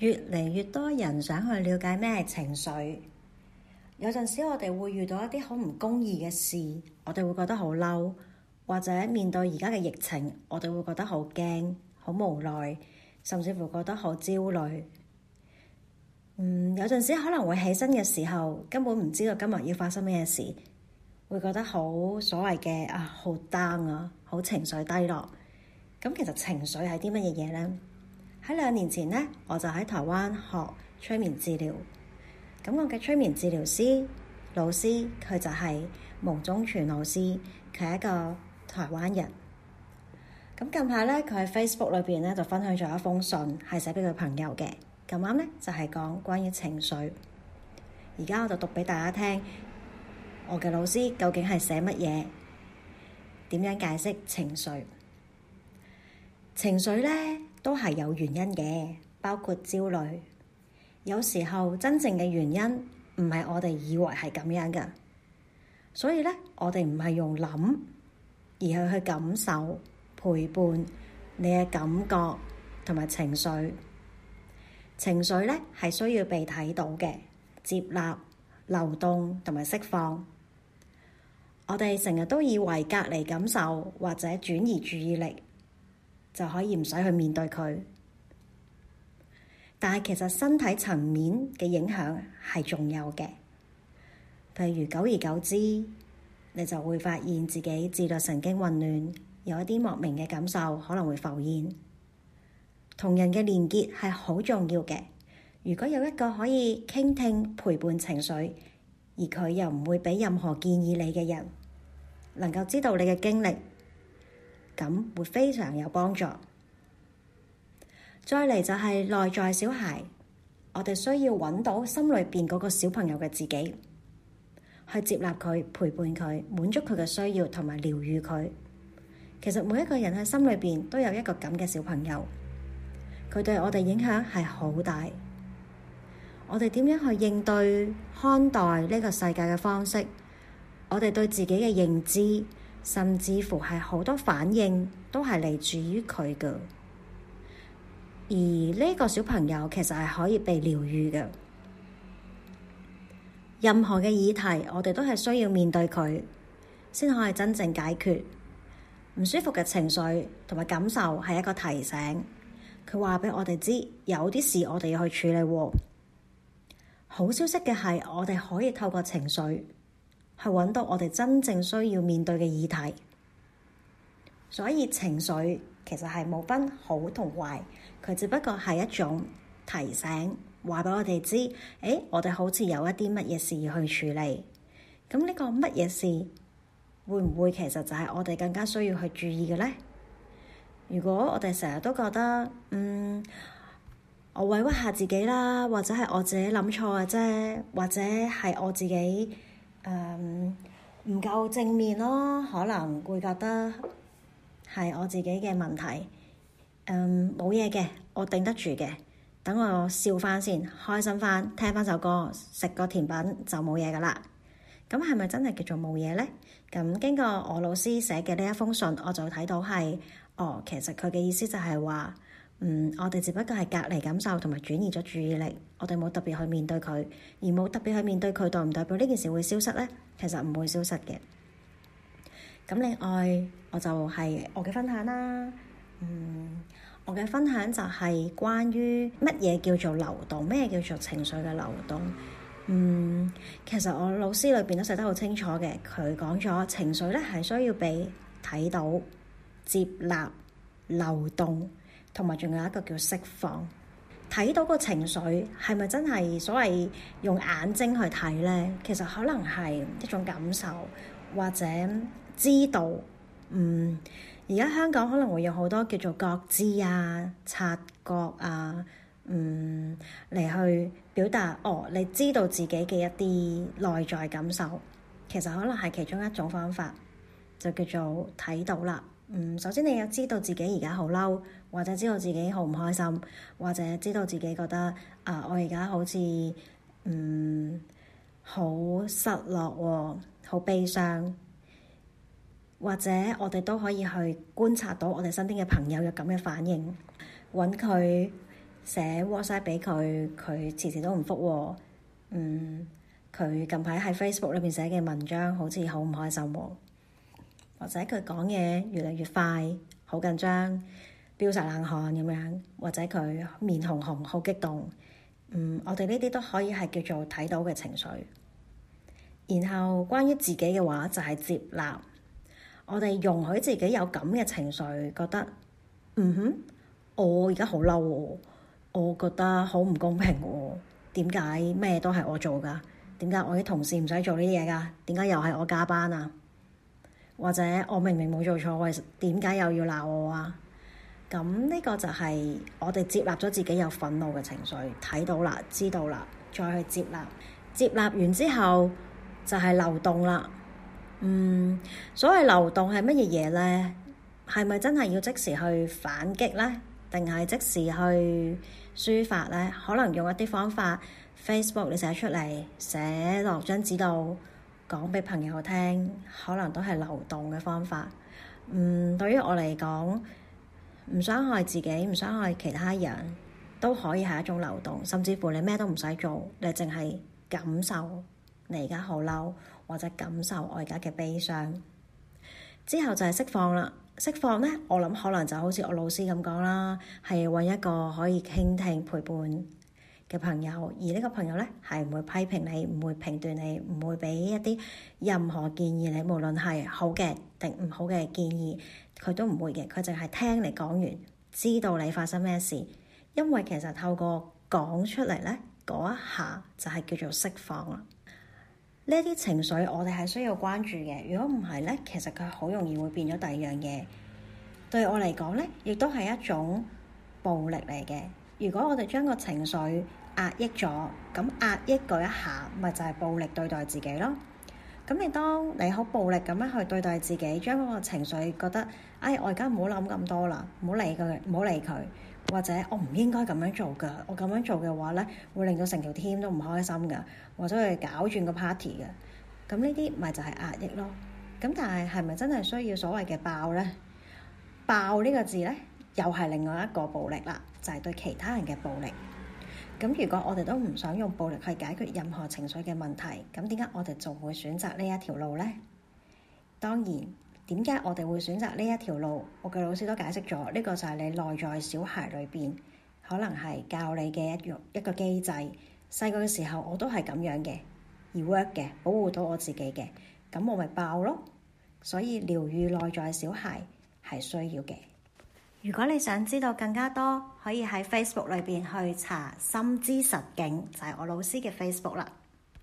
越嚟越多人想去了解咩情緒。有陣時我哋會遇到一啲好唔公義嘅事，我哋會覺得好嬲；或者面對而家嘅疫情，我哋會覺得好驚、好無奈，甚至乎覺得好焦慮。嗯，有陣時可能會起身嘅時候，根本唔知道今日要發生咩事，會覺得好所謂嘅啊，好 down 啊，好情緒低落。咁其實情緒係啲乜嘢嘢呢？喺兩年前呢，我就喺台灣學催眠治療。咁我嘅催眠治療師老師佢就係毛傳忠老師，佢係一個台灣人。咁近排呢，佢喺 Facebook 裏邊呢就分享咗一封信，係寫俾佢朋友嘅。咁啱呢，就係、是、講關於情緒。而家我就讀俾大家聽，我嘅老師究竟係寫乜嘢？點樣解釋情緒？情緒呢？都係有原因嘅，包括焦慮。有時候真正嘅原因唔係我哋以為係咁樣噶，所以咧我哋唔係用諗，而係去感受陪伴你嘅感覺同埋情緒。情緒咧係需要被睇到嘅，接納、流動同埋釋放。我哋成日都以為隔離感受或者轉移注意力，就可以唔使去面對佢，但係其實身體層面嘅影響係仲有嘅。譬如久而久之，你就會發現自己自律神經混亂，有一啲莫名嘅感受可能會浮現。同人嘅連結係好重要嘅。如果有一個可以傾聽、陪伴情緒，而佢又唔會畀任何建議你嘅人，能夠知道你嘅經歷。咁會非常有幫助。再嚟就係內在小孩，我哋需要揾到心裏邊嗰個小朋友嘅自己，去接納佢、陪伴佢、滿足佢嘅需要同埋療愈佢。其實每一個人喺心裏邊都有一個咁嘅小朋友，佢對我哋影響係好大。我哋點樣去應對、看待呢個世界嘅方式，我哋對自己嘅認知。甚至乎係好多反應都係嚟自於佢嘅，而呢個小朋友其實係可以被療癒嘅。任何嘅議題，我哋都係需要面對佢，先可以真正解決。唔舒服嘅情緒同埋感受係一個提醒，佢話畀我哋知有啲事我哋要去處理。好消息嘅係，我哋可以透過情緒。去揾到我哋真正需要面對嘅議題，所以情緒其實係冇分好同壞，佢只不過係一種提醒，話畀我哋知，誒、欸，我哋好似有一啲乜嘢事要去處理。咁呢個乜嘢事，會唔會其實就係我哋更加需要去注意嘅咧？如果我哋成日都覺得，嗯，我委屈下自己啦，或者係我自己諗錯嘅啫，或者係我自己。um, 唔夠正面咯，可能會覺得係我自己嘅問題。冇嘢嘅，我頂得住嘅。等我笑返先，開心返，聽返首歌，食個甜品就冇嘢噶啦。咁係咪真係叫做冇嘢呢？咁經過我老師寫嘅呢一封信，我就睇到係哦，其實佢嘅意思就係話。嗯，我哋只不過係隔離感受，同埋轉移咗注意力。我哋冇特別去面對佢，而冇特別去面對佢，代唔代表呢件事會消失呢？其實唔會消失嘅。咁另外，我就係我嘅分享啦。嗯，我嘅分享就係關於乜嘢叫做流動，乜嘢叫做情緒嘅流動。嗯，其實我老師裏邊都寫得好清楚嘅。佢講咗情緒咧，係需要畀睇到、接納、流動。同埋仲有一個叫釋放，睇到個情緒係咪真係所謂用眼睛去睇咧？其實可能係一種感受或者知道。嗯，而家香港可能會有好多叫做覺知啊、察覺啊，嗯，嚟去表達。哦，你知道自己嘅一啲內在感受，其實可能係其中一種方法，就叫做睇到啦。嗯，首先你要知道自己而家好嬲，或者知道自己好唔開心，或者知道自己覺得啊，我而家好似嗯，好失落喎，好悲傷，或者我哋都可以去觀察到我哋身邊嘅朋友有咁嘅反應，揾佢寫 WhatsApp 俾佢，佢遲遲都唔覆喎。嗯，佢近排喺 Facebook 裏邊寫嘅文章好似好唔開心喎，哦。或者佢講嘢越嚟越快，好緊張，飆晒冷汗咁樣；或者佢面紅紅，好激動。嗯，我哋呢啲都可以係叫做睇到嘅情緒。然後關於自己嘅話，就係接納，我哋容許自己有咁嘅情緒，覺得嗯哼，我而家好嬲，我覺得好唔公平喎。點解咩都係我做㗎？點解我啲同事唔使做呢啲嘢㗎？點解又係我加班呀？或者我明明冇做錯，為點解又要鬧我啊？咁呢個就係我哋接納咗自己有憤怒嘅情緒，睇到啦，知道啦，再去接納。接納完之後就係流動啦。嗯，所謂流動係乜嘢嘢呢？係咪真係要即時去反擊呢？定係即時去抒發呢？可能用一啲方法，Facebook 你寫出嚟，寫落張紙度。講俾朋友聽，可能都係流動嘅方法。嗯，對於我嚟講，唔傷害自己，唔傷害其他人，都可以係一種流動。甚至乎你咩都唔使做，你淨係感受你而家好嬲，或者感受我而家嘅悲傷。之後就係釋放啦。釋放咧，我諗可能就好似我老師咁講啦，係搵一個可以傾聽陪伴嘅朋友，而呢個朋友咧，係唔會批評你，唔會評斷你，唔會俾一啲任何建議你，無論係好嘅定唔好嘅建議，佢都唔會嘅，佢淨係聽你講完，知道你發生咩事，因為其實透過講出嚟咧，嗰一下就係叫做釋放啦。呢啲情緒我哋係需要關注嘅，如果唔係咧，其實佢好容易會變咗第二樣嘢。對我嚟講咧，亦都係一種暴力嚟嘅。如果我哋將個情緒，壓抑咗，咁壓抑嗰一下，咪就係暴力對待自己咯。咁你當你好暴力咁樣去對待自己，將嗰個情緒覺得，哎，我而家唔好諗咁多啦，唔好理佢，唔好理佢，或者我唔應該咁樣做噶，我咁樣做嘅話咧，會令到成條 team 都唔開心噶，或者會搞轉個 party 噶。咁呢啲咪就係壓抑咯。咁但係係咪真係需要所謂嘅爆咧？爆呢個字咧，又係另外一個暴力啦，就係對其他人嘅暴力。咁如果我哋都唔想用暴力去解決任何情緒嘅問題，咁點解我哋仲會選擇呢一條路呢？當然，點解我哋會選擇呢一條路？我嘅老師都解釋咗，呢個就係你內在小孩裏邊可能係教你嘅一一個機制。細個嘅時候，我都係咁樣嘅，而 work 嘅保護到我自己嘅，咁我咪爆咯。所以療愈內在小孩係需要嘅。如果你想知道更加多，可以喺 Facebook 裏邊去查心之實境，就係、是、我老師嘅 Facebook 啦。